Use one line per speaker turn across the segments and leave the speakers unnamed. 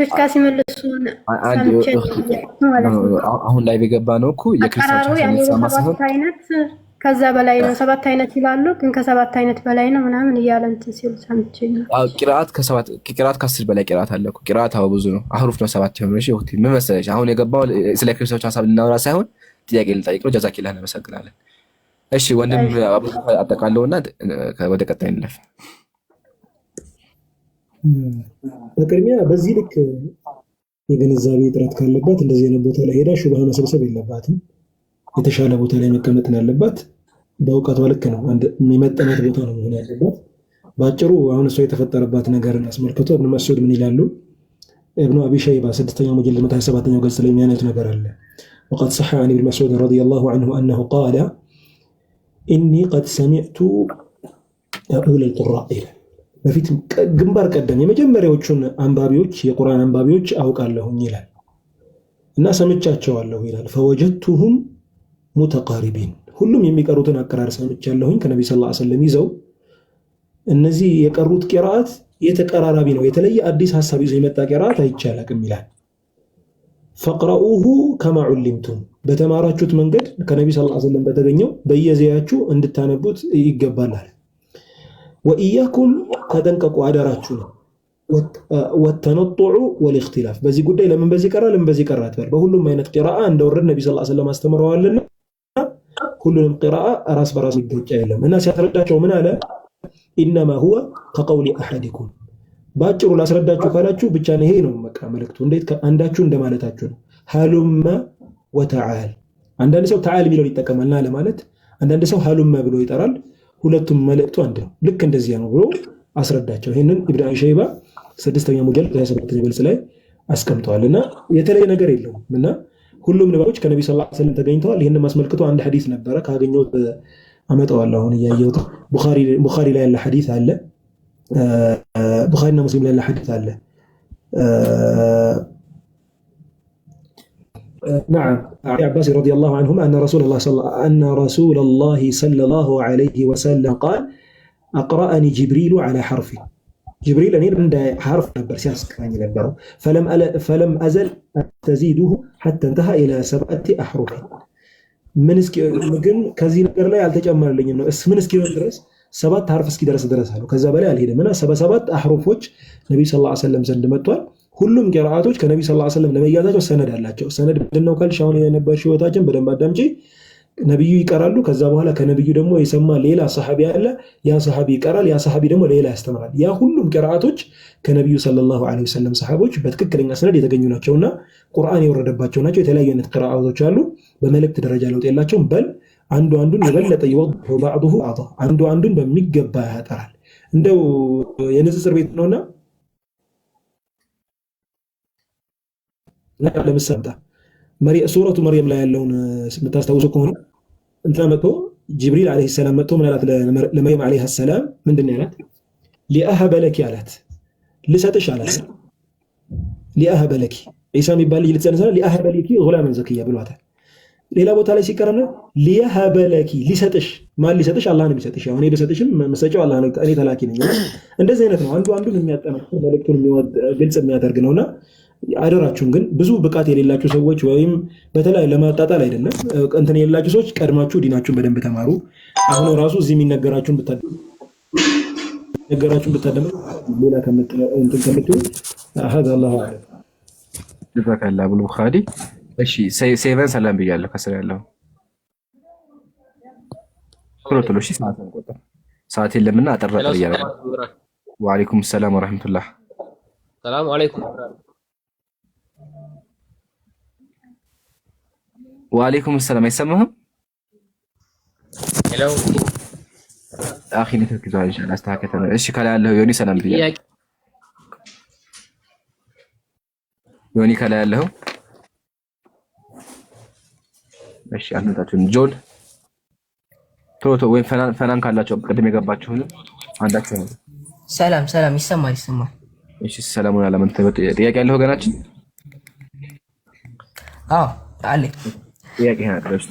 ፖለቲካ ሲመልሱ
አሁን ላይ የገባ ነው እኮ የክርስቶስ አይነት ከዛ በላይ ነው። ሰባት አይነት ይላሉ፣ ግን ከሰባት አይነት በላይ ነው ምናምን እያለ እንትን ሲሉ ሰምቼ ቅርአት ከአስር በላይ ቅርአት አለ እኮ ቅርአት አዎ ብዙ ነው። አህሩፍ ነው ሰባት የሆኑ ምን መሰለሽ፣ አሁን የገባው ስለ ክርስቶች ሀሳብ ልናወራ ሳይሆን ጥያቄ ልጠይቅ ነው። ጀዛኪላ እናመሰግናለን። እሺ ወንድም አጠቃለውና ወደ ቀጣይ እንለፍ። በቅድሚያ በዚህ ልክ የግንዛቤ እጥረት ካለባት እንደዚህ አይነት ቦታ ላይ ሄዳ ሹብሃ መሰብሰብ የለባትም። የተሻለ ቦታ ላይ መቀመጥ ነው ያለባት። በእውቀቷ ልክ ነው የሚመጠናት ቦታ ነው መሆን ያለባት። በአጭሩ አሁን እሷ የተፈጠረባት ነገርን አስመልክቶ እብን መስዑድ ምን ይላሉ? እብኑ አቢ ሸይባ ስድስተኛው መጀል 27ኛው ገጽ ላይ የሚያነሱት ነገር አለ። ወቀድ ሰሐ አን ብን መስዑድ ረዲየላሁ አንሁ አነሁ ቃለ ኢኒ ቀድ ሰሚዕቱ አኡል ልቁራ ይላል በፊት ግንባር ቀደም የመጀመሪያዎቹን አንባቢዎች የቁርአን አንባቢዎች አውቃለሁኝ ይላል እና ሰምቻቸዋለሁ ይላል። ፈወጀቱሁም ሙተቃሪቢን ሁሉም የሚቀሩትን አቀራር ሰምቻለሁኝ ከነቢ ስ ሰለም ይዘው እነዚህ የቀሩት ቂራአት የተቀራራቢ ነው። የተለየ አዲስ ሀሳብ ይዞ የመጣ ቂራአት አይቻላቅም ይላል። ፈቅረኡሁ ከማ ዑሊምቱም በተማራችሁት መንገድ ከነቢ ስ ሰለም በተገኘው በየዘያችሁ እንድታነቡት ይገባላል። ወኢያኩም ተጠንቀቁ አደራችሁ ነው። ወተነጡዑ ወልእክትላፍ በዚህ ጉዳይ ለምን በዚህ ቀራ ለምን በዚህ ቀራ አትበል። በሁሉም አይነት ቂራአ እንደወረድ ነቢ ስ ስለም አስተምረዋልና ሁሉንም ቂራአ ራስ በራስ ሚገጭ የለም እና ሲያስረዳቸው ምን አለ? ኢነማ ሁወ ከቀውሊ አሐዲኩም በአጭሩ ላስረዳችሁ ካላችሁ ብቻ ነው ይሄ ነው በቃ መልእክቱ። እንዴት ከአንዳችሁ እንደማለታችሁ ነው። ሀሉመ ወተዓል አንዳንድ ሰው ተዓል የሚለውን ይጠቀማልና ለማለት አንዳንድ ሰው ሀሉመ ብሎ ይጠራል። ሁለቱም መልእክቱ አንድ ነው። ልክ እንደዚያ ነው ብሎ አስረዳቸው። ይህንን ኢብን ሸይባ ስድስተኛ ሙጀል ሰባተኛ ገልጽ ላይ አስቀምጠዋል እና የተለየ ነገር የለውም እና ሁሉም ንባቦች ከነቢ ስ ስለም ተገኝተዋል። ይህን አስመልክቶ አንድ ሐዲስ ነበረ ካገኘሁት አመጣዋለሁ። አሁን እያየሁት ቡኻሪ ላይ ያለ ሐዲስ አለ። ቡኻሪና ሙስሊም ላይ ያለ ሐዲስ አለ مع نعم، عباس رضي الله عنهما ان رسول الله صلى ان رسول الله صلى الله عليه وسلم قال اقراني جبريل على حرفي جبريل اني عند حرف نبر فلم أل... فلم ازل تزيده حتى انتهى الى سبعه احرف من اسكي مجن كزي نبر لا يتجمر لي انه اسم منسكي درس سبعه حرف اسكي درس درس كذا بلا الهده من سبع سبعه احرف وجه النبي صلى الله عليه وسلم زلمتوا ሁሉም ቂራአቶች ከነቢ ስ ስለም ለመያዛቸው ሰነድ አላቸው። ሰነድ ምንድነው ካልሽ አሁን የነበር ህይወታችን በደንብ አዳምጪ። ነቢዩ ይቀራሉ። ከዛ በኋላ ከነቢዩ ደግሞ የሰማ ሌላ ሰሐቢ አለ። ያ ሰሐቢ ይቀራል። ያ ሰሐቢ ደግሞ ሌላ ያስተምራል። ያ ሁሉም ቅርአቶች ከነቢዩ ሰለላሁ ዐለይሂ ወሰለም በትክክለኛ ሰነድ የተገኙ ናቸውና ቁርአን የወረደባቸው ናቸው። የተለያዩ አይነት ቅርአቶች አሉ። በመልእክት ደረጃ ለውጥ የላቸውም። በል አንዱ አንዱን የበለጠ ይወ ባዕሁ አንዱ አንዱን በሚገባ ያጠራል። እንደው የንጽጽር ቤት ነውና ለምሳሌ ሱረቱ መርየም ላይ ያለውን የምታስታውሱ ከሆነ እንትና መጥቶ ጅብሪል ዓለይሂ ሰላም መጥቶ ምን አላት? ለመርየም ዓለይሂ ሰላም ምንድን ነው ያላት? ሊአሀበ አላት፣ ልሰጥሽ አላት። ሊአሀበ ለኪ ዒሳ የሚባል ልጅ ልትጸንሳ፣ ሊአሀበ ለኪ ጉላመን ዘክያ ብሏታል። ሌላ ቦታ ላይ ሲቀረና ሊያሀበ ሊሰጥሽ፣ ማን ሊሰጥሽ? አላህ ነው የሚሰጥሽ። እኔ ብሰጥሽም መሰጫው አላህ ነው፣ እኔ ተላኪ ነኝ። እንደዚህ አይነት ነው። አንዱ አንዱን የሚያጠናክር መልዕክቱን ግልጽ የሚያደርግ ነውና አደራችሁም ግን ብዙ ብቃት የሌላችሁ ሰዎች ወይም በተለይ ለማጣጣል አይደለም እንትን የሌላችሁ ሰዎች ቀድማችሁ ዲናችሁን በደንብ ተማሩ። አሁን ራሱ እዚህ የሚነገራችሁን ነገራችሁን ብታደም ሌላ ከምትሉ ሀዛ አላሁ አለም ጀዛከላ ብሎ ቡኻሪ። እሺ፣ ሴቨን ሰላም ብያለሁ። ከስር ያለው ቶሎ ቶሎ ሰዓት የለምና አጠራጠር እያለ ወአለይኩም ሰላም ወረህመቱላህ ሰላም አለይኩም ወአለይኩም ሰላም። አይሰማህም? ሄሎ አኺ ኔትወርክ ይዟል። ኢንሻአላህ አስተካከለ። እሺ ከላይ ያለው ዮኒ ሰላም ብያለሁ። ዮኒ ከላይ ያለው እሺ። አልመጣችሁም? ጆል ቶቶ ወይም ፈናን ካላችሁ ቅድም የገባችሁን አንዳችሁ ነው። ሰላም ሰላም፣ ይሰማል ይሰማል። እሺ ሰላሙን አላመንተ ጥያቄ ያለው ወገናችን አለኝ ጥያቄ ነበረች።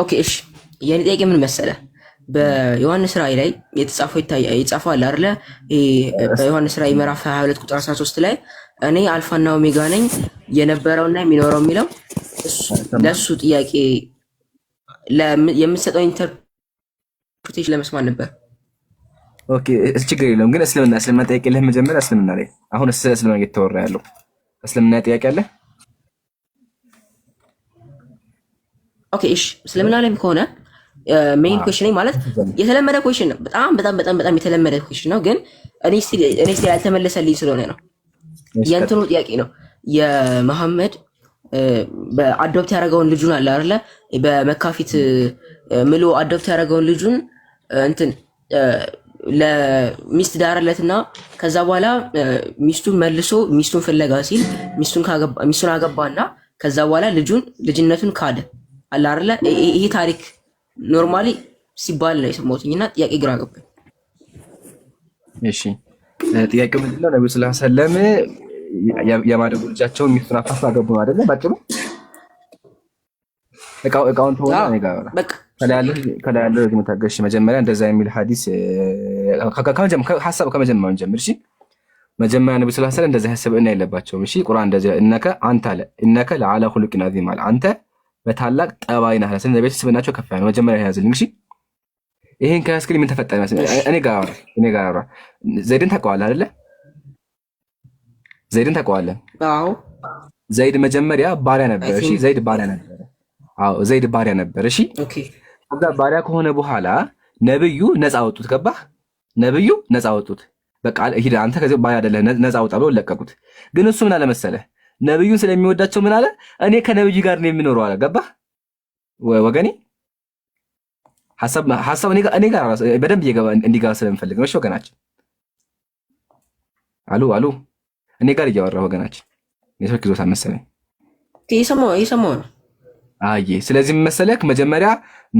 اوكي ايش የኔ ጥያቄ ምን መሰለ፣ በዮሐንስ ራእይ ላይ የተጻፈው ይታያል የጻፈው አለ አይደለ? በዮሐንስ ራእይ ምዕራፍ 22 ቁጥር 13 ላይ እኔ አልፋና ኦሜጋ ነኝ የነበረውና የሚኖረው የሚለው ለእሱ ጥያቄ የምትሰጠው ኢንተርፕሬቴሽን ለመስማት ነበር። ኦኬ ችግር የለውም ግን እስልምና እስልምና ጥያቄ ለመጀመሪያ እስልምና ላይ አሁን ስለ እስልምና እየተወራ ያለው እስልምና ጥያቄ አለ? ኦኬ እሺ፣ እስልምና ላይም ከሆነ ኮሽን ኩዌሽን ማለት የተለመደ ኮሽን ነው። በጣም በጣም በጣም በጣም የተለመደ ኮሽን ነው፣ ግን እኔ ስለ ያልተመለሰልኝ ስለሆነ ነው። የእንትኑ ጥያቄ ነው የመሐመድ በአዶፕት ያደረገውን ልጁን አለ አይደለ? በመካፊት ምሎ አዶፕት ያደረገውን ልጁን እንትን ለሚስት ዳረለትና ከዛ በኋላ ሚስቱን መልሶ ሚስቱን ፍለጋ ሲል ሚስቱን አገባና ከዛ በኋላ ልጁን ልጅነቱን ካደ አላርለ ይሄ ታሪክ ኖርማሊ ሲባል ነው የሰማሁትኝ እና ጥያቄ ግራ ገባኝ። እሺ ጥያቄ ምንድነው? ነቢ ስላ ሰለም የማደጉ ልጃቸውን ሚስቱን አፋፍ አገቡ ነው አደለ? ባጭሩ እቃውን ተሆነ ከላይ ያለ መታገሽ መጀመሪያ እንደዛ የሚል ሀዲስ ሀሳብ ከመጀመሪያው እንጀምር። እሺ መጀመሪያ ነቢ ስላ ስለ እንደዚህ ስብዕና የለባቸውም። እሺ ቁርአን እንደዚህ እነከ አንተ አለ እነከ ለዓላ ሁሉቅን ዐዚም አለ አንተ በታላቅ ጠባይ ናህ። ስለ ነቢያችን ስብዕናቸው ከፍ ያለ መጀመሪያ ያዝልኝ። እሺ ይህን ከያዝክልኝ ምን ተፈጠረ? እኔ ጋር እኔ ጋር ዘይድን ታውቀዋለህ አይደለ? ዘይድን ታውቀዋለህ? አዎ ዘይድ መጀመሪያ ባሪያ ነበር። እሺ ዘይድ ባሪያ ነበር። አዎ ዘይድ ባሪያ ነበር። እሺ ኦኬ። ከዛ ባሪያ ከሆነ በኋላ ነብዩ ነፃ አወጡት። ገባህ? ነብዩ ነፃ ወጡት። በቃ ሂድ አንተ ከዚህ ባይ አይደለህ ነፃ ወጣ ብለው ለቀቁት። ግን እሱ ምን አለ መሰለህ ነብዩን ስለሚወዳቸው ምን አለ እኔ ከነብዩ ጋር ነው የሚኖረው አለ። ገባህ ወገኔ? ሐሳብ ሐሳብ እኔ ጋር ራስ በደንብ እየገባ እንዲገባ ስለምፈልግ ነው። እሺ ወገናችን፣ አሉ አሉ እኔ ጋር እያወራህ ወገናችን፣ ኔትወርክ ይዞታ መሰለኝ ይሰማው ነው አየ ስለዚህ መሰለክ መጀመሪያ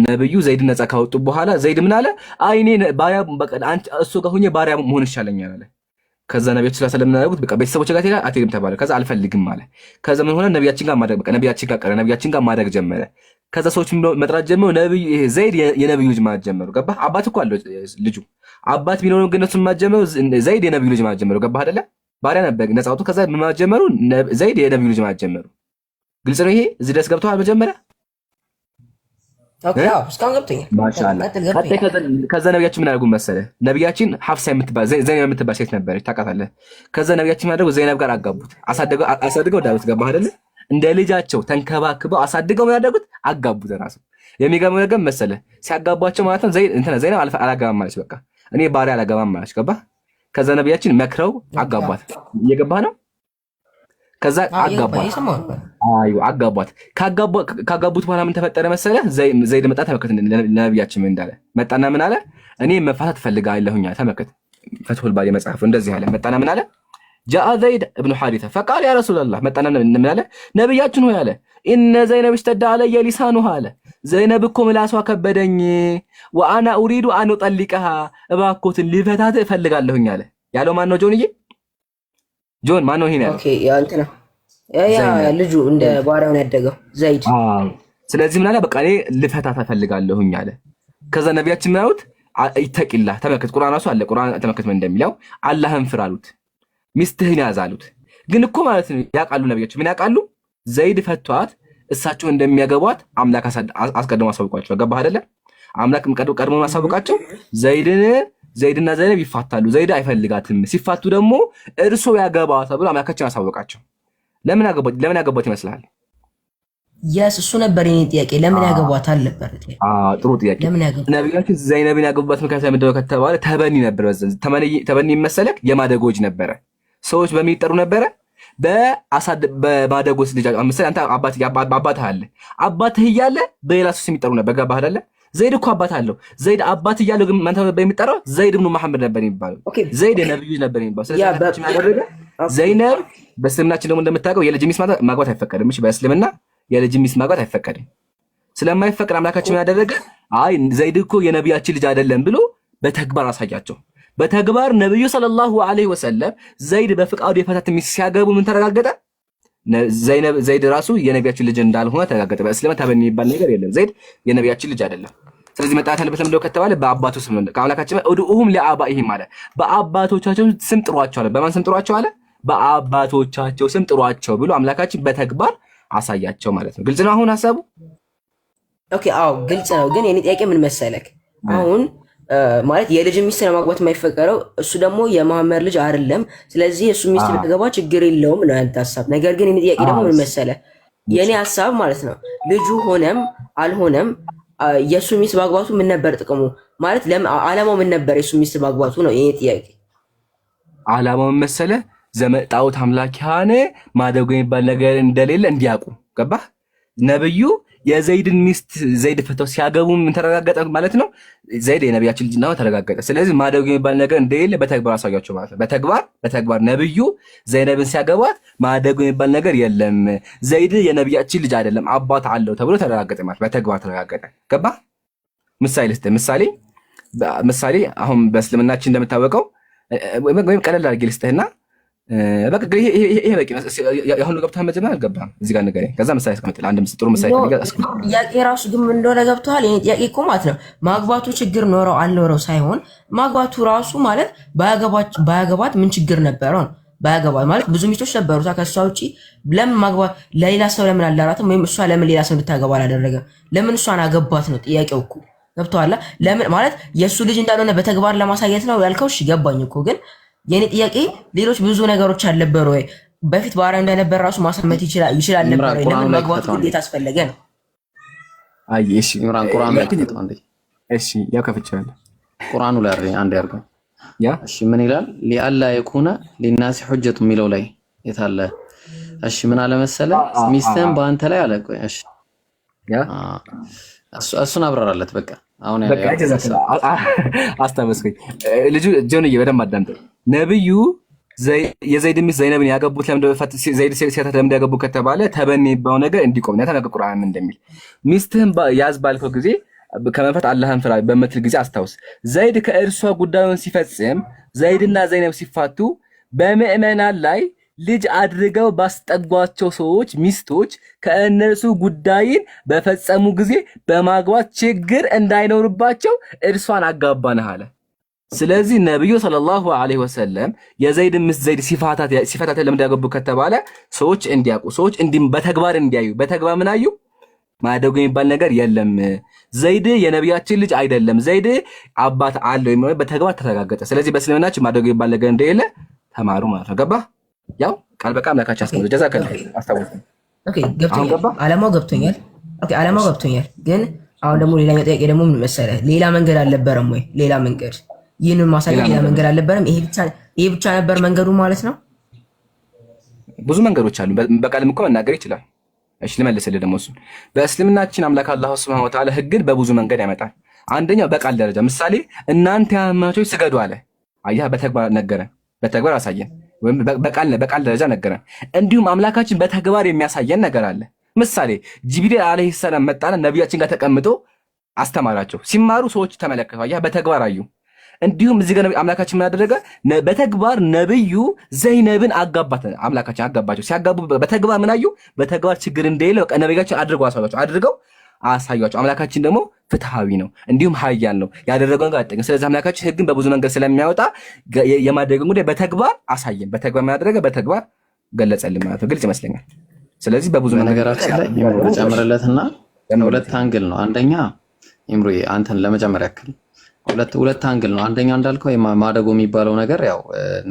ነብዩ ዘይድ ነጻ ካወጡ በኋላ ዘይድ ምን አለ? አይኔ ባሪያ በቃ አንተ እሱ ጋር ሆኜ ባሪያ መሆን ይሻለኛል አለ። ከዛ ነብያችን ሰለላሁ ዐለይሂ ወሰለም በቃ ቤተሰቦች ጋር ተላ አትሄድም ተባለ። ከዛ አልፈልግም አለ። ከዛ ምን ሆነ? ነብያችን ጋር ማድረግ በቃ ነብያችን ጋር ቀረ። ነብያችን ጋር ማድረግ ጀመረ። ከዛ ሰዎች መጥራት ጀመሩ። ነብዩ ይሄ ዘይድ የነብዩ ልጅ ማለት ጀመሩ። ገባህ? አባት እኮ አለው ልጁ አባት ቢኖርም ግን እሱን ማጀመሩ ዘይድ የነብዩ ልጅ ማለት ጀመሩ። ገባህ አይደለ? ባሪያ ነበር ነጻ አውጡ። ከዛ ምን ማጀመሩ ዘይድ የነብዩ ልጅ ማለት ጀመሩ። ግልጽ ነው። ይሄ እዚህ ደስ ገብተዋል። መጀመሪያ ከዛ ነቢያችን ምን አደረጉ መሰለ ነቢያችን ሀፍሳ የምትባል ዘይነብ የምትባል ሴት ነበረች፣ ታውቃታለህ። ከዛ ነቢያችን ምን አደረጉ? ዘይነብ ጋር አጋቡት፣ አሳድገው ዳዊት ገባ አይደለ? እንደ ልጃቸው ተንከባክበው አሳድገው ምን አደረጉት? አጋቡት። ራሱ የሚገርመው ነገር መሰለ ሲያጋቧቸው ማለት ነው ዘይነብ አላገባም ማለች፣ በቃ እኔ ባሪያ አላገባም ማለች፣ ገባህ? ከዛ ነቢያችን መክረው አጋቧት። እየገባ ነው ከዛ አጋቧት። ካጋቡት በኋላ ምን ተፈጠረ መሰለ? ዘይድ መጣ። ተመከት ለነቢያችን ምን እንዳለ መጣና ምን አለ? እኔ መፋታት ፈልጋለሁኝ። ተመከት ፈትሁል ባሪ መጽሐፉ እንደዚህ አለ። መጣና ምን አለ? ጃአ ዘይድ እብኑ ሓሪተ ፈቃል ያ ረሱላላህ። መጣና ምን አለ? ነቢያችን ሆይ አለ ኢነ ዘይነብ ሽተዳ አለየ ሊሳኑሃ አለ ዘይነብ እኮ ምላሷ ከበደኝ። ወአና ኡሪዱ አን ጠሊቀሃ እባኮትን ሊፈታት እፈልጋለሁኝ አለ። ያለው ማን ነው? ጆንዬ ጆን ማን ነው ይሄን ያለው? ልጁ እንደ ባሪያውን ያደገው ዘይድ። ስለዚህ ምን አለ? በቃ ልፈታ ተፈልጋለሁኝ አለ። ከዛ ነቢያችን ምን አሉት? ይተቂላ ተመልከት፣ ቁርአን ራሱ አለ። ቁርአን ተመልከት ምን እንደሚለው አላህን ፍር አሉት። ሚስትህን ያዝ አሉት። ግን እኮ ማለት ነው ያውቃሉ፣ ነቢያችን ምን ያውቃሉ? ዘይድ ፈቷት እሳቸው እንደሚያገቧት አምላክ አስቀድሞ አሳውቋቸው። ገባህ አይደለ? አምላክ ቀድሞ አሳውቃቸው ዘይድን ዘይድና ዘይነብ ይፋታሉ። ዘይድ አይፈልጋትም። ሲፋቱ ደግሞ እርሶ ያገባ ተብሎ አምላካችን አሳወቃቸው። ለምን ለምን ያገቧት ይመስላል? ያስ እሱ ነበር የኔ ጥያቄ። ለምን ያገቧት አልነበር? ጥሩ ጥያቄ። ለምን ያገቧት ነቢያችን ዘይነብን ያገቡበት ምክንያት ምንድነው ከተባለ ተበኒ ነበር። ተበኒ መሰለክ የማደጎጅ ነበረ። ሰዎች በሚጠሩ ይጠሩ በአሳድ በማደጎስ ልጅ ምሳሌ አንተ አባት አባት አለ። አባት እያለ በሌላ ሰው የሚጠሩ ነበር። ገባህ አይደለ? ዘይድ እኮ አባት አለው። ዘይድ አባት እያለው ግን ማንተ ነበር የሚጠራው? ዘይድ ብኑ መሐመድ ነበር የሚባለው። ዘይድ የነብዩ ነበር የሚባለው። ስለዚህ ያደረገ ዘይነብ በእስልምናችን ደግሞ እንደምታውቀው የልጅ ሚስት ማግባት አይፈቀድም። እሺ፣ በእስልምና የልጅ ሚስት ማግባት አይፈቀድም። ስለማይፈቀድ አምላካችን ያደረገ አይ ዘይድ እኮ የነቢያችን ልጅ አይደለም ብሎ በተግባር አሳያቸው። በተግባር ነብዩ ሰለላሁ ዐለይሂ ወሰለም ዘይድ በፍቃዱ የፈታት ሚስት ሲያገቡ ምን ተረጋገጠ? ዘይድ ራሱ የነቢያችን ልጅ እንዳልሆነ ተረጋገጠ። በእስልምና ተበን የሚባል ነገር የለም። ዘይድ የነቢያችን ልጅ አይደለም። ስለዚህ መጣት ያለበት ለምንድነው ከተባለ በአባቱ ስም ነው። ከአምላካችን ኡድኡሁም ለአባኢሂም አለ። በአባቶቻቸው ስም ጥሯቸው አለ። በማን ስም ጥሯቸው አለ? በአባቶቻቸው ስም ጥሯቸው ብሎ አምላካችን በተግባር አሳያቸው ማለት ነው። ግልጽ ነው አሁን ሀሳቡ። ኦኬ አዎ ግልጽ ነው። ግን የኔ ጥያቄ ምን መሰለክ አሁን ማለት የልጅ ሚስት ለማግባት የማይፈቀረው እሱ ደግሞ የማህመድ ልጅ አይደለም። ስለዚህ እሱ ሚስት ብትገባ ችግር የለውም ነው ያንተ ሀሳብ። ነገር ግን የኔ ጥያቄ ደግሞ ምን መሰለ፣ የኔ ሀሳብ ማለት ነው ልጁ ሆነም አልሆነም የእሱ ሚስት ማግባቱ ምን ነበር ጥቅሙ? ማለት አላማው ምን ነበር? የእሱ ሚስት ማግባቱ ነው የኔ ጥያቄ። አላማው ምን መሰለህ ጣዖት አምላክ ሀነ ማደጎ የሚባል ነገር እንደሌለ እንዲያውቁ ገባ። ነብዩ የዘይድን ሚስት ዘይድ ፍተው ሲያገቡ ምን ተረጋገጠ ማለት ነው? ዘይድ የነቢያችን ልጅ ነው ተረጋገጠ። ስለዚህ ማደጎ የሚባል ነገር እንደሌለ በተግባር አሳያቸው ማለት ነው። በተግባር በተግባር ነብዩ ዘይነብን ሲያገቧት ማደጎ የሚባል ነገር የለም፣ ዘይድ የነቢያችን ልጅ አይደለም፣ አባት አለው ተብሎ ተረጋገጠ ማለት በተግባር ተረጋገጠ። ገባ። ምሳሌ ልስጥ። ምሳሌ ምሳሌ አሁን በእስልምናችን እንደምታወቀው ወይም ቀለል አድርጌ ልስጥህና በቃ ይሄ በቂ የአሁኑ ገብቶሃል። መጀመሪያ አልገባህም። እዚህ ጋር ንገረኝ። ከዛ ምሳሌ አስቀምጥልህ። አንድ ጥሩ ምሳሌ ጥያቄ ግን እንደሆነ ገብቶሃል። ጥያቄ እኮ ማለት ነው ማግባቱ ችግር ኖረው አልኖረው ሳይሆን ማግባቱ ራሱ ማለት ባያገባት ምን ችግር ነበረው ነው። ባያገባት ማለት ብዙ ሚስቶች ነበሩታ ከእሷ ውጭ ለምን ማግባት ለሌላ ሰው ለምን አላራትም? ወይም እሷ ለምን ሌላ ሰው እንድታገባ አላደረገም? ለምን እሷን አገባት ነው ጥያቄው እኮ ገብቶሃል። ለምን ማለት የእሱ ልጅ እንዳልሆነ በተግባር ለማሳየት ነው ያልከው። እሺ ገባኝ እኮ ግን የኔ ጥያቄ ሌሎች ብዙ ነገሮች አልነበሩ ወይ? በፊት ባሪያ እንደነበር ራሱ ማሳመት ይችላል ይችላል ነበር። ለምን መግባቱ ግዴታ አስፈለገ ነው? አይ እሺ፣ ቁርአን ቁርአን ላይ ከተው አንዴ። እሺ፣ ያው ከፍቻለሁ። ቁርአኑ ላይ አይደል? አንዴ አርገኝ። ያ እሺ፣ ምን ይላል? ሊአላ የኩነ ሊናሲ ሁጀቱ የሚለው ላይ የታለ? እሺ፣ ምን አለ መሰለ ሚስትህን በአንተ ላይ አለ። ቆይ እሺ፣ ያ እሱን አብራራለት። በቃ አሁን ያለው አስታመስኩኝ። ልጁ ጆንዬ በደንብ አዳምጠኝ ነብዩ የዘይድ ሚስት ዘይነብን ያገቡት ዘይድ ሴት ለምንድን ያገቡ ከተባለ ተበኔ የሚባው ነገር እንዲቆም ነው። ተናገር ቁርአን እንደሚል ሚስትህን ያዝ ባልከው ጊዜ ከመንፈት አላህን ፍራ በምትል ጊዜ አስታውስ። ዘይድ ከእርሷ ጉዳዩን ሲፈጽም ዘይድና ዘይነብ ሲፋቱ በምዕመናን ላይ ልጅ አድርገው ባስጠጓቸው ሰዎች ሚስቶች ከእነርሱ ጉዳይን በፈጸሙ ጊዜ በማግባት ችግር እንዳይኖርባቸው እርሷን አጋባንህ አለ። ስለዚህ ነቢዩ ሰለላሁ ዐለይሂ ወሰለም የዘይድ ምስ ዘይድ ሲፋታት ለምን ያገቡ ከተባለ ሰዎች እንዲያውቁ ሰዎች እንዲም በተግባር እንዲያዩ በተግባር ምን አዩ? ማደጉ የሚባል ነገር የለም። ዘይድ የነቢያችን ልጅ አይደለም፣ ዘይድ አባት አለ ወይም በተግባር ተረጋገጠ። ስለዚህ በእስልምናችን ማደጉ የሚባል ነገር እንደሌለ ተማሩ ማለት ነው። ገባ? ያው ቃል በቃ አምላካችን አስቀምጦ ጀዛከላ አስታወቁ። አላማው ገብቶኛል። አላማው ገብቶኛል። ግን አሁን ደግሞ ሌላኛው ጥያቄ ደግሞ ምን መሰለህ፣ ሌላ መንገድ አልነበረም ወይ? ሌላ መንገድ ይህንን ማሳያ ሌላ መንገድ አልነበረም። ይሄ ብቻ ነበር መንገዱ ማለት ነው። ብዙ መንገዶች አሉ። በቃልም እኮ መናገር ይችላል። እሺ ልመልስልህ ደግሞ እሱን። በእስልምናችን አምላክ አላህ ሱብሃነሁ ወተዓላ ህግን በብዙ መንገድ ያመጣል። አንደኛው በቃል ደረጃ ምሳሌ እናንተ ያመቶች ስገዱ አለ። አያ በተግባር ነገረን፣ በተግባር አሳየን፣ ወይም በቃል ደረጃ ነገረን። እንዲሁም አምላካችን በተግባር የሚያሳየን ነገር አለ። ምሳሌ ጅብሪል አለይሂ ሰላም መጣና ነቢያችን ጋር ተቀምጦ አስተማራቸው። ሲማሩ ሰዎች ተመለከቱ። አያ በተግባር አዩ። እንዲሁም እዚህ ጋር አምላካችን ምን አደረገ? በተግባር ነብዩ ዘይነብን አጋባት። አምላካችን አጋባቸው። ሲያጋቡ በተግባር ምን አዩ? በተግባር ችግር እንደሌለ በቃ ነብያችን አድርገው አሳዩቸው፣ አድርገው አሳዩቸው። አምላካችን ደግሞ ፍትሃዊ ነው፣ እንዲሁም ሀያል ነው። ያደረገውን ጋር አይጠቅም። ስለዚህ አምላካችን ህግን በብዙ መንገድ ስለሚያወጣ የማድረግን ጉዳይ በተግባር አሳየን። በተግባር ምን አደረገ? በተግባር ገለጸልን ማለት ነው። ግልጽ ይመስለኛል። ስለዚህ በብዙ ነገራችን ላይ ጨምርለትና ሁለት አንግል ነው። አንደኛ ኢምሩዬ አንተን ለመጨመር ያክል ሁለት ሁለት አንግል ነው። አንደኛ እንዳልከው ማደጎ የሚባለው ነገር ያው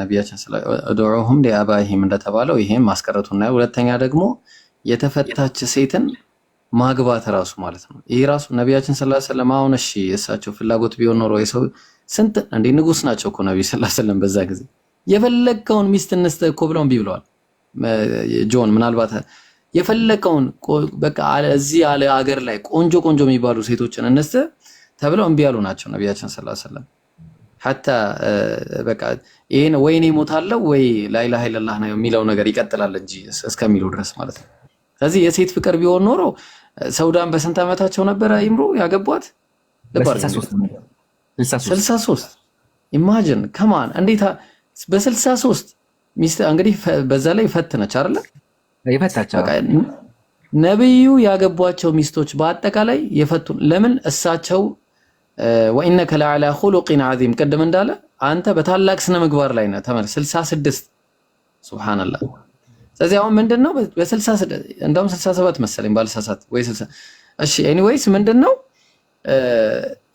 ነቢያችን ስለ ዱዑሁም ሊአባይሂም እንደተባለው ይሄም ማስቀረቱ እና ሁለተኛ ደግሞ የተፈታች ሴትን ማግባት ራሱ ማለት ነው። ይሄ ራሱ ነቢያችን ስለ ሰለም አሁን እሺ እሳቸው ፍላጎት ቢሆን ኖሮ የሰው ስንት እንደ ንጉስ ናቸው እኮ ነቢ ስለ ሰለም በዛ ጊዜ የፈለግከውን ሚስት እንስተ እኮ ብለው እምቢ ብለዋል። ጆን ምናልባት የፈለግከውን በቃ እዚህ አለ አገር ላይ ቆንጆ ቆንጆ የሚባሉ ሴቶችን እንስጥህ ተብለው እምቢ ያሉ ናቸው ነቢያችን ሰለላሁ ዐለይሂ ወሰለም። ሐታ በቃ ይሄን ወይ እኔ እሞታለሁ ወይ ላኢላሃ ኢለላህ ነው የሚለው ነገር ይቀጥላል እንጂ እስከሚሉ ድረስ ማለት ነው። ስለዚህ የሴት ፍቅር ቢሆን ኖሮ ሰውዳን በስንት ዓመታቸው ነበረ ይምሩ ያገቧት? ስልሳ ሶስት ኢማጅን ከማን እንዴት በስልሳ ሶስት ሚስት እንግዲህ በዛ ላይ ፈትነች አይደለ? ነብዩ ያገቧቸው ሚስቶች በአጠቃላይ የፈቱ ለምን እሳቸው ወኢነከ ለዓላ ሁሉቅን ዓዚም ቅድም እንዳለ አንተ በታላቅ ስነ ምግባር ላይ ነህ። ተመልክ 66 ሱብሃንአላህ። ስለዚህ አሁን ምንድነው በ66 እንደውም 67 መሰለኝ ባልሳሳት ወይ 60 እሺ፣ ኤኒዌይስ ምንድነው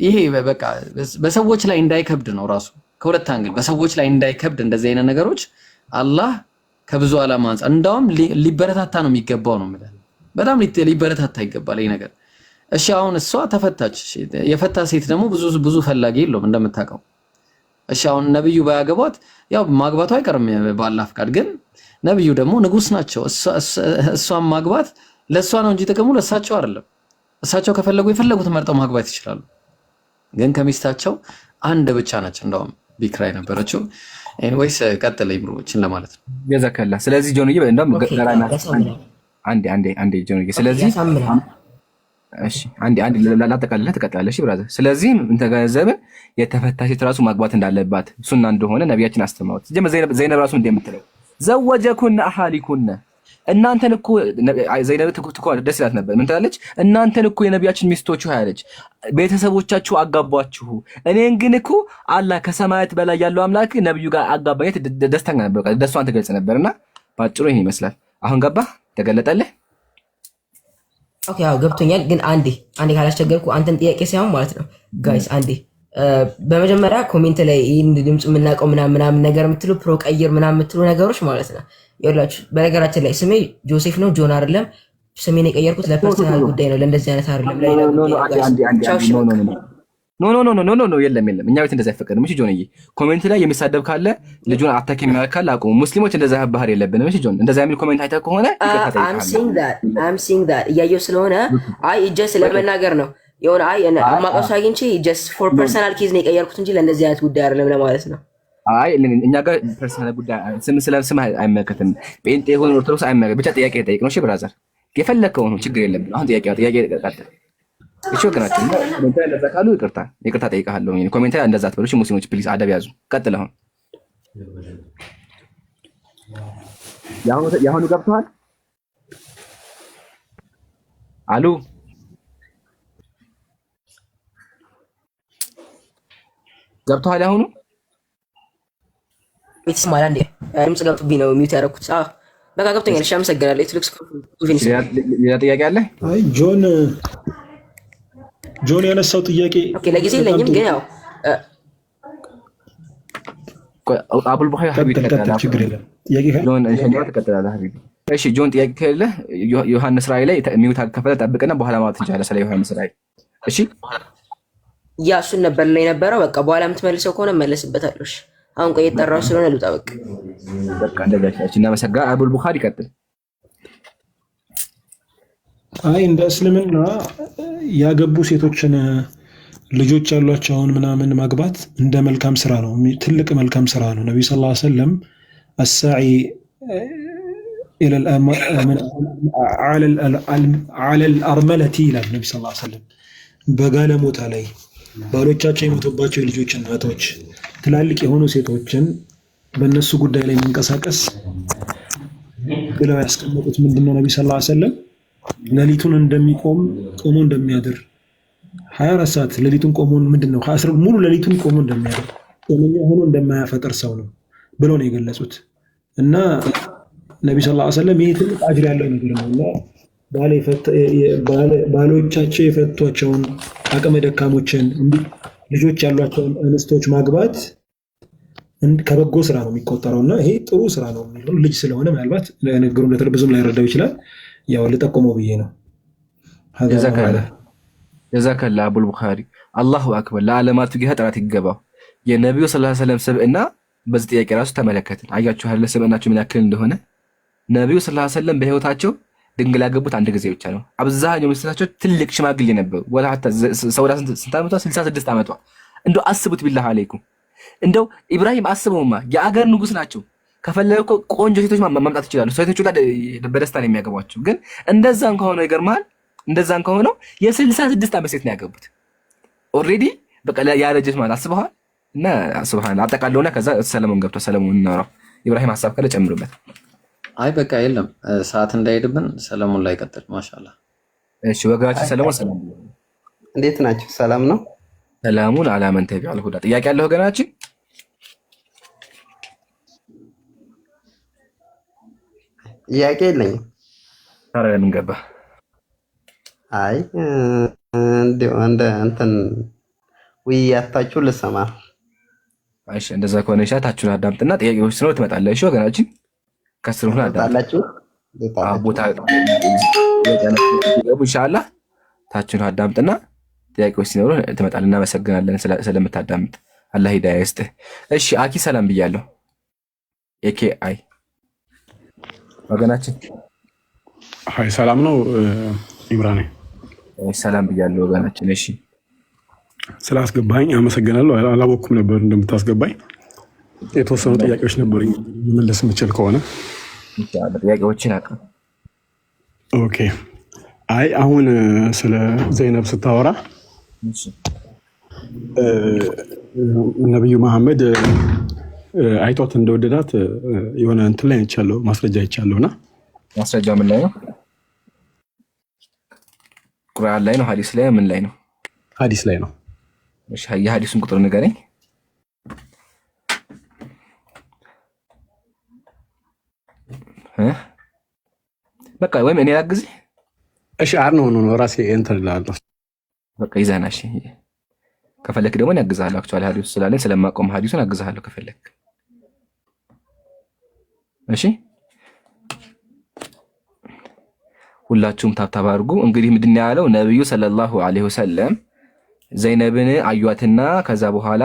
ይሄ በቃ በሰዎች ላይ እንዳይከብድ ነው ራሱ ከሁለት አንግል በሰዎች ላይ እንዳይከብድ እንደዚህ አይነት ነገሮች አላህ ከብዙ ዓላማ አንጻር እንዳውም ሊበረታታ ነው የሚገባው ነው ማለት በጣም ሊበረታታ ይገባል ይሄ ነገር እሺ አሁን እሷ ተፈታች። የፈታ ሴት ደግሞ ብዙ ብዙ ፈላጊ የለውም እንደምታውቀው። እሺ አሁን ነብዩ ባያገቧት ያው ማግባቱ አይቀርም ባላ ፍቃድ። ግን ነብዩ ደግሞ ንጉስ ናቸው። እሷን ማግባት ለእሷ ነው እንጂ ጥቅሙ ለእሳቸው አይደለም። እሳቸው ከፈለጉ የፈለጉትን መርጠው ማግባት ይችላሉ። ግን ከሚስታቸው አንድ ብቻ ናቸው እንደውም ቢክራይ ነበረችው። ኤኒዌይስ፣ ቀጥለ ይምሮችን ለማለት ነው የዘከላ ስለዚህ ጆንዬ እንደውም ገራና አንዴ አንዴ አንዴ ጆንዬ ስለዚህ እሺ አንድ አንድ ላጠቃልልህ ትቀጥላለህ። እሺ ብራዘር፣ ስለዚህ ተገነዘብን የተፈታሽ ሴት ራሱ ማግባት እንዳለባት ሱና እንደሆነ ነቢያችን አስተማሩት። ዘይነብ ራሱ እንደምትለው ዘወጀኩነ አሃሊኩነ እናንተን እኮ ዘይነብ ደስ ይላት ነበር። ምን ትላለች? እናንተን እኮ የነቢያችን ሚስቶቹ ያለች ቤተሰቦቻችሁ አጋቧችሁ፣ እኔን ግን እኮ አላህ ከሰማያት በላይ ያለው አምላክ ነቢዩ ጋር አጋባኘት ደስታኛ ነበር። ደሷን ትገልጽ ነበርና በአጭሩ ይህን ይመስላል። አሁን ገባህ? ተገለጠልህ? ኦኬ ያው ገብቶኛል። ግን አንዴ አንዴ ካላስቸገርኩ አንተን ጥያቄ ሳይሆን ማለት ነው ጋይስ፣ አንዴ በመጀመሪያ ኮሜንት ላይ ይህን ድምፅ የምናውቀው ምናምን ምናምን ነገር የምትሉ ፕሮ ቀይር ምናምን የምትሉ ነገሮች ማለት ነው ይላችሁ። በነገራችን ላይ ስሜ ጆሴፍ ነው፣ ጆን አይደለም። ስሜን የቀየርኩት ለፐርሰናል ጉዳይ ነው፣ ለእንደዚህ አይነት አይደለም። ኖ ኖ ኖ ኖ ኖ የለም የለም፣ እኛ ቤት እንደዛ አይፈቀድም። እሺ ጆንዬ፣ ኮሜንት ላይ የሚሳደብ ካለ ልጁን አታክ የሚያደርግ ካለ አቁሙ። ሙስሊሞች እንደዛ ባህር የለብንም። እሺ ጆን፣ እንደዛ የሚል ኮሜንት አይተህ ከሆነ uh, እያየሁ ስለሆነ አይ ጀስት ለመናገር ነው የሆነ አይ አማቀሱ አግኝቼ ጀስት ፎር ፐርሰናል ኬዝ ነው የቀየርኩት እንጂ ለእንደዚህ አይነት ጉዳይ አይደለም ለማለት ነው። አይ እኛ ጋር ፐርሰናል ጉዳይ ስም ስለ ስም አይመለከትም። ጴንጤ ሆን ኦርቶዶክስ አይመለከትም። ብቻ ጥያቄ ጠይቅ ነው። እሺ ብራዘር፣ የፈለግከው ነው፣ ችግር የለብን። አሁን ጥያቄ ጥያቄ ቀጥል እሺ ወገናችን ኮሜንት ላይ እንደዛ ካሉ ይቅርታ ይቅርታ ጠይቃለሁ። ኮሜንት ላይ እንደዛ አትበሉ ሙስሊሞች፣ ፕሊዝ አደብ ያዙ። ቀጥል። አሁን የአሁኑ ገብተዋል አሉ ገብተዋል። አሁኑ ቤትስ ማላ እንዴ ድምጽ ገብቶብኝ ነው ሚውት ያደረኩት። በቃ ገብቶኛል። እሺ አመሰግናለሁ። ሌላ ጥያቄ አለ ጆን ጆን ያነሳው ጥያቄ ለጊዜ ለኝም ግን ያው አቡል ቡሃ ችግር ጆን ጥያቄ ከሌለ ዮሐንስ ራእይ ላይ ሚውት ከፈለ ጠብቅና በኋላ ማለት እንችላለን። ስለ ዮሐንስ ራእይ እሺ፣ ያ እሱን ነበር ላይ ነበረው። በቃ በኋላ የምትመልሰው ከሆነ መለስበታለሽ። አሁን ቆይ የጠራው ስለሆነ ልውጣ። በቃ በቃ እናመሰጋ። አቡል ቡሃ ይቀጥል። አይ እንደ እስልምና ያገቡ ሴቶችን ልጆች ያሏቸውን ምናምን ማግባት እንደ መልካም ስራ ነው፣ ትልቅ መልካም ስራ ነው። ነቢ ስ ሰለም አሳዒ አለል አርመለቲ ይላል ነቢ ስ ሰለም በጋለሞታ ላይ ባሎቻቸው የሞቱባቸው የልጆች እናቶች፣ ትላልቅ የሆኑ ሴቶችን በእነሱ ጉዳይ ላይ መንቀሳቀስ ብለው ያስቀመጡት ምንድነው ነቢ ስ ሰለም ሌሊቱን እንደሚቆም ቆሞ እንደሚያድር ሀያ አራት ሰዓት ሌሊቱን ቆሞ ምንድን ነው ሙሉ ሌሊቱን ቆሞ እንደሚያድር ጤነኛ ሆኖ እንደማያፈጥር ሰው ነው ብሎ ነው የገለጹት። እና ነቢ ስ ሰለም ይህ ትልቅ አጅር ያለው ነገር ነው እና ባሎቻቸው የፈቷቸውን አቅመ ደካሞችን ልጆች ያሏቸውን እንስቶች ማግባት ከበጎ ስራ ነው የሚቆጠረው እና ይሄ ጥሩ ስራ ነው። ልጅ ስለሆነ ምናልባት ንግግሩ ብዙም ላይረዳው ይችላል። ያው ልጠቆመው ብዬ ነው። ጀዛከላ አቡል ቡኻሪ አላሁ አክበር ለዓለማቱ ጌታ ጥራት ይገባው። የነቢዩ ሰለላሁ ዐለይሂ ወሰለም በዚህ ጥያቄ ራሱ ተመለከትን። አያችሁ ያለ ስብዕናቸው ምን ያክል እንደሆነ። ነቢዩ ሰለላሁ ዐለይሂ ወሰለም በህይወታቸው ድንግል ያገቡት አንድ ጊዜ ብቻ ነው። አብዛኛው ሚስቶቻቸው ትልቅ ሽማግሌ ነበሩ። ወላ ሰውዳ ስንት ዓመቷ? ስልሳ ስድስት ዓመቷ። እንደው አስቡት፣ ቢላህ አለይኩም እንደው ኢብራሂም አስበውማ የአገር ንጉስ ናቸው። ከፈለገ ቆንጆ ሴቶች ማምጣት ይችላሉ። ሴቶች ጋር በደስታ ነው የሚያገቧቸው። ግን እንደዛን ከሆነ ይገርማል። እንደዛን ከሆነው የስልሳ ስድስት ዓመት ሴት ነው ያገቡት። ኦልሬዲ በቃ ያረጀች ማለት አስበሃል። እና ስብሃን አጠቃለውና ከዛ ሰለሞን ገብቶ ሰለሞን እናውራው። ኢብራሂም ሀሳብ ካለ ጨምሩበት። አይ በቃ የለም ሰዓት እንዳይሄድብን ሰለሞን ላይ ቀጥል። ማሻላ እሺ፣ ወገናችን ሰለሞን ሰላም፣ እንዴት ናቸው? ሰላም ነው። ሰላሙን አላመንተ ቢያልሁዳ ጥያቄ ያለው ወገናችን ጥያቄ የለኝ። ኧረ ምን ገባ? አይ እንዲሁ እንደ እንትን ውይያታችሁ ልሰማ። እሺ እንደዛ ከሆነ እሺ፣ ታችሁን አዳምጥና ጥያቄዎች ስለው ትመጣለህ። እሺ ወገናችን ከስር ሁን አዳምጣላችሁ። ቦታ ገቡ ኢንሻአላህ። ታችሁን አዳምጥና ጥያቄዎች ሲኖሩ ትመጣለህ። እናመሰግናለን ስለምታዳምጥ። አላህ ሂዳያ ይስጥህ። እሺ አኪ ሰላም ብያለሁ። ኤኬ አይ ወገናችን ሀይ ሰላም ነው። ኢምራኔ ሰላም ብያለሁ ወገናችን። እሺ ስላስገባኝ አመሰግናለሁ። አላወኩም ነበር እንደምታስገባኝ። የተወሰኑ ጥያቄዎች ነበር መለስ የምችል ከሆነ ጥያቄዎችን አቅ ኦኬ። አይ አሁን ስለ ዘይነብ ስታወራ ነቢዩ መሐመድ አይቷት እንደወደዳት የሆነ እንትን ላይ አይቻለሁ፣ ማስረጃ አይቻለሁ። እና ማስረጃ ምን ላይ ነው? ቁርአን ላይ ነው? ሀዲስ ላይ ምን ላይ ነው? ሀዲስ ላይ ነው። የሀዲሱን ቁጥር ንገረኝ። በቃ ወይም እኔ ላግዝህ። እሺ አር ነው ነው ራሴ እንትን እላለሁ። በቃ ይዘና ከፈለክ ደግሞ ያግዛለሁ። አክቹዋሊ ሀዲሱ ስላለኝ ስለማቆም ሀዲሱን አግዛለሁ ከፈለክ። እሺ ሁላችሁም ታብታብ አድርጉ። እንግዲህ ምንድን ያለው ነብዩ ሰለላሁ ዐለይሂ ወሰለም ዘይነብን አዩዋትና ከዛ በኋላ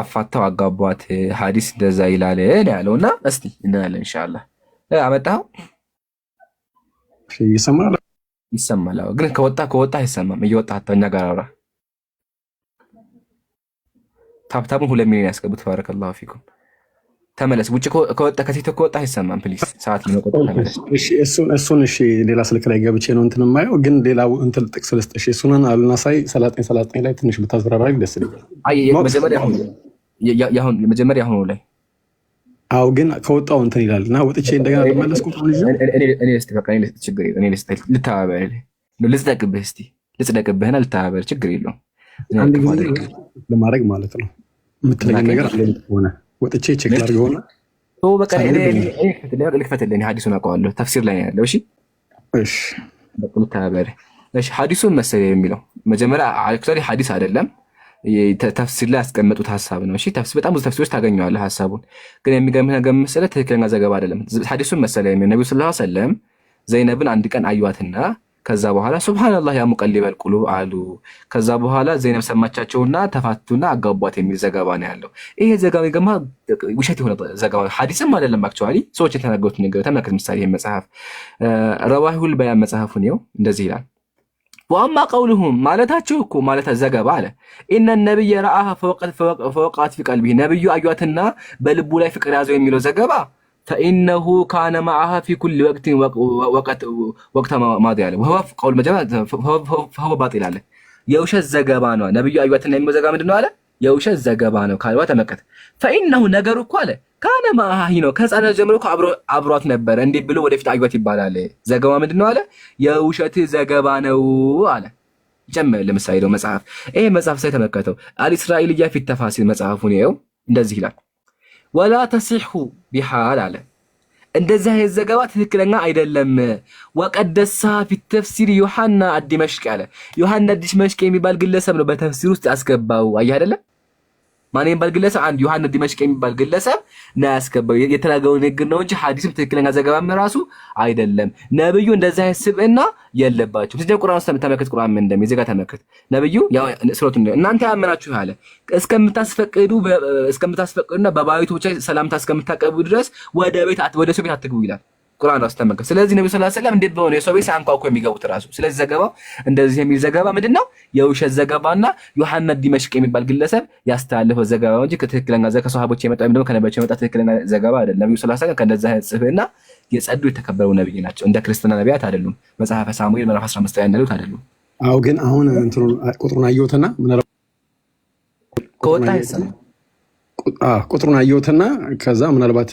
አፋታው አጋቧት። ሀዲስ እንደዛ ይላል ያለውና እስቲ እናያለን ኢንሻአላህ። አመጣው ይሰማል፣ ይሰማል ግን ከወጣ ከወጣ አይሰማም። እየወጣ እኛ ጋር አውራ ታብታቡን ሁለት ሚሊዮን ያስገቡ። ተባረከላሁ ፊኩም። ተመለስ። ውጭ ከወጣ ከሴት ከወጣ አይሰማም። ፕሊስ ሰዓት ለመቆጠብ እሱን እሺ፣ ሌላ ስልክ ላይ ገብቼ ነው እንትን የማየው ግን ሌላ እንትን ጥቅስ ልስጥ። እሺ፣ እሱንን አልናሳይ ሰላጤን ሰላጤን ላይ ትንሽ ብታዝራራኝ ደስ ይላል። የመጀመሪያ አሁኑ ላይ አው ግን ከወጣው እንትን ይላል እና ወጥቼ እንደገና ልመለስኩት ልተባበል ልጽደቅብህ፣ እስኪ ልጽደቅብህና ልተባበል፣ ችግር የለውም ለማድረግ ማለት ነው የምትለኝ ነገር ሆነ ወጥቼ ቸግላር ላድርግ ሆነ ልክፈትልኝ። ሀዲሱን አውቀዋለሁ ተፍሲር ላይ ያለው እሺ ልተባበሪ ሀዲሱን መሰለ የሚለው መጀመሪያ ሀዲስ አይደለም ተፍሲር ላይ ያስቀመጡት ሀሳብ ነው። እሺ በጣም ብዙ ተፍሲሮች ታገኘዋለ ሀሳቡን ግን የሚገርምህ ነገር መሰለ ትክክለኛ ዘገባ አይደለም። ሀዲሱን መሰለ የሚለው ነቢዩ ሰለላሁ ሰለም ዘይነብን አንድ ቀን አዩዋትና ከዛ በኋላ ሱብሃነላህ ያ ሙቀሊበል ቁሉብ አሉ። ከዛ በኋላ ዘይነብ ሰማቻቸውና ተፋቱና አጋቧት የሚል ዘገባ ነው ያለው። ይሄ ዘገባ ገማ ውሸት የሆነ ዘገባ ሀዲስም አይደለም። አክቹዋሊ ሰዎች የተናገሩት ነገር ተመልከት። ምሳሌ ይሄ መጽሐፍ ረዋሂሁል በያን መጽሐፉ ነው። እንደዚህ ይላል። ወአማ ቀውልሁም ማለታቸው እኮ ማለት ዘገባ አለ ኢነ ነቢየ ረአሃ ፈወቃት ፊ ቀልቢህ ነቢዩ አዩዋትና በልቡ ላይ ፍቅር ያዘው የሚለው ዘገባ ፈኢነሁ ካነ ማአሃ ፊ ኩል ወቅትን ወቅተ ማድ ያለ ቀውል መጀመሪያ ባጢል አለ። የውሸት ዘገባ ነው። ነቢዩ አዩዋትን የሚለው ዘገባ ምንድን ነው አለ? የውሸት ዘገባ ነው። ካልዋ ተመከተ ፈኢነሁ ነገሩ እኮ አለ ካነ ማአሃ ነው። ከህፃነት ጀምሮ አብሯት ነበረ። እንዲህ ብሎ ወደፊት አዩዋት ይባላል። ዘገባ ምንድን ነው አለ? የውሸት ዘገባ ነው አለ። ጀመረ ለምሳሌ ነው መጽሐፍ ይሄ መጽሐፍ ሳይ ተመከተው አልእስራኤልያ ፊት ተፋሲል መጽሐፉን ይኸው እንደዚህ ይላል ወላ ተሲሑ ቢሓል አለ እንደዚህ አይነት ዘገባ ትክክለኛ አይደለም። ወቀደሳ ፊት ተፍሲር ዮሐና አዲመሽቅ አለ ዮሐና አዲመሽቅ የሚባል ግለሰብ ነው በተፍሲር ውስጥ ያስገባው። አየህ አይደለም ማን የሚባል ግለሰብ? አንድ ዮሐንስ ዲመሽቅ የሚባል ግለሰብ ነው ያስገባው። የተላገው ንግግር ነው እንጂ ሐዲስም ትክክለኛ ዘገባም ራሱ አይደለም። ነብዩ እንደዛ አይነት ስብዕና የለባቸው። ስለዚህ ቁርአን ውስጥ ተመከት፣ ቁርአን ምን እንደሚል እዚህ ጋር ነብዩ ያው ስራቱ እናንተ ያመናችሁ ያለ እስከምታስፈቅዱ እስከምታስፈቅዱና በባይቶቻችሁ ሰላምታ እስከምታቀርቡ ድረስ ወደ ቤት ወደ ሰው ቤት አትግቡ ይላል። ቁርአን አስተመከ። ስለዚህ ነብዩ ሰለላሁ ዐለይሂ ወሰለም እንዴት በሆነ የሰው ቤት አንኳኩ የሚገቡት ራሱ። ስለዚህ ዘገባው እንደዚህ የሚል ዘገባ ምንድነው የውሸት ዘገባና ዮሐንስ ዲመሽቅ የሚባል ግለሰብ ያስተላለፈው ዘገባ እንጂ ከትክክለኛ ዘገባ ከሰሃቦች የመጣ ወይም ደግሞ ከነብዩ የመጣ ትክክለኛ ዘገባ አይደለም። ነብዩ ሰለላሁ ዐለይሂ ወሰለም ከእንደዛ ጽፍና የጸዱ የተከበሩ ነብይ ናቸው። እንደ ክርስትና ነቢያት አይደሉም። መጽሐፈ ሳሙኤል ምዕራፍ 15 ላይ እንዳሉት አይደሉም። አዎ ግን አሁን እንትኑ ቁጥሩን አየሁትና ቁጥሩን አየሁትና ከዛ ምናልባት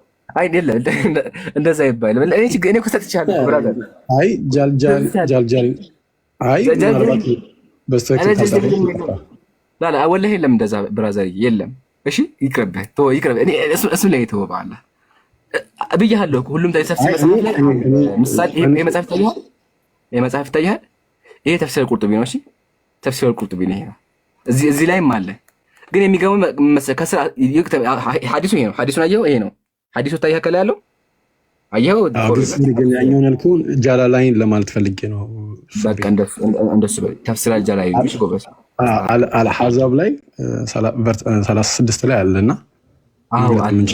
አይደለም እንደዛ እኔ እኮ ሰጥቻለሁ። አይ ጃልጃል ጃልጃል አይ ምናልባት ወላሂ የለም እንደዛ ብራዘር የለም። እሺ ይቅርብህ፣ ይቅርብ እሱ ላይ ተወው በዓላህ ብያለሁ። ሁሉም መጽሐፍ ይታያል፣ ይሄ ተፍሲር ቁርጡቢ ነው። ተፍሲር ቁርጡቢ ነው። ይሄ እዚህ ላይም አለ ግን የሚገርመው ሀዲሱ ይሄ ነው። ሀዲሱን አየኸው? ይሄ ነው ሀዲሱ ታይህ ከላይ ያለው አየው ገኛኛውን ያልኩህን ለማለት ፈልጌ ነው። አልሐዛብ ላይ ሰላሳ ስድስት ላይ አለና